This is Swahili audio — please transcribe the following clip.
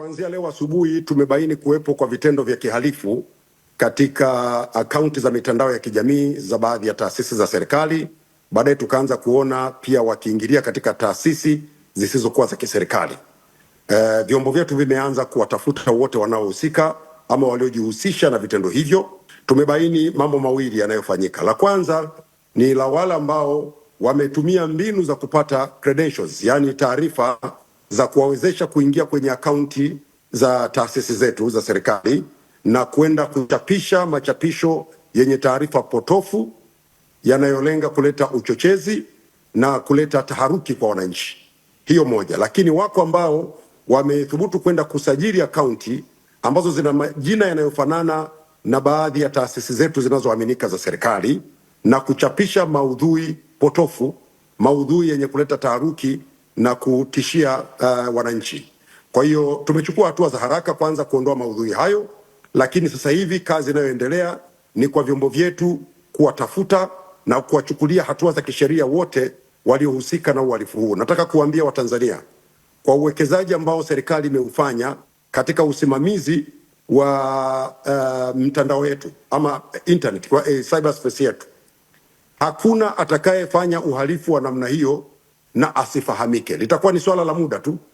kuanzia leo asubuhi tumebaini kuwepo kwa vitendo vya kihalifu katika akaunti za mitandao ya kijamii za baadhi ya taasisi za serikali. Baadaye tukaanza kuona pia wakiingilia katika taasisi zisizokuwa za kiserikali. E, vyombo vyetu vimeanza kuwatafuta wote wanaohusika ama waliojihusisha na vitendo hivyo. Tumebaini mambo mawili yanayofanyika. La kwanza ni la wale ambao wametumia mbinu za kupata credentials, yani taarifa za kuwawezesha kuingia kwenye akaunti za taasisi zetu za serikali na kwenda kuchapisha machapisho yenye taarifa potofu yanayolenga kuleta uchochezi na kuleta taharuki kwa wananchi. Hiyo moja, lakini wako ambao wamethubutu kwenda kusajili akaunti ambazo zina majina yanayofanana na baadhi ya taasisi zetu zinazoaminika za serikali na kuchapisha maudhui potofu, maudhui yenye kuleta taharuki na kutishia uh, wananchi. Kwa hiyo tumechukua hatua za haraka, kwanza kuondoa maudhui hayo, lakini sasa hivi kazi inayoendelea ni kwa vyombo vyetu kuwatafuta na kuwachukulia hatua za kisheria wote waliohusika na uhalifu huu. Nataka kuwaambia Watanzania kwa uwekezaji ambao serikali imeufanya katika usimamizi wa uh, mtandao wetu ama internet, kwa, eh, cyberspace yetu, hakuna atakayefanya uhalifu wa namna hiyo na asifahamike. Litakuwa ni swala la muda tu.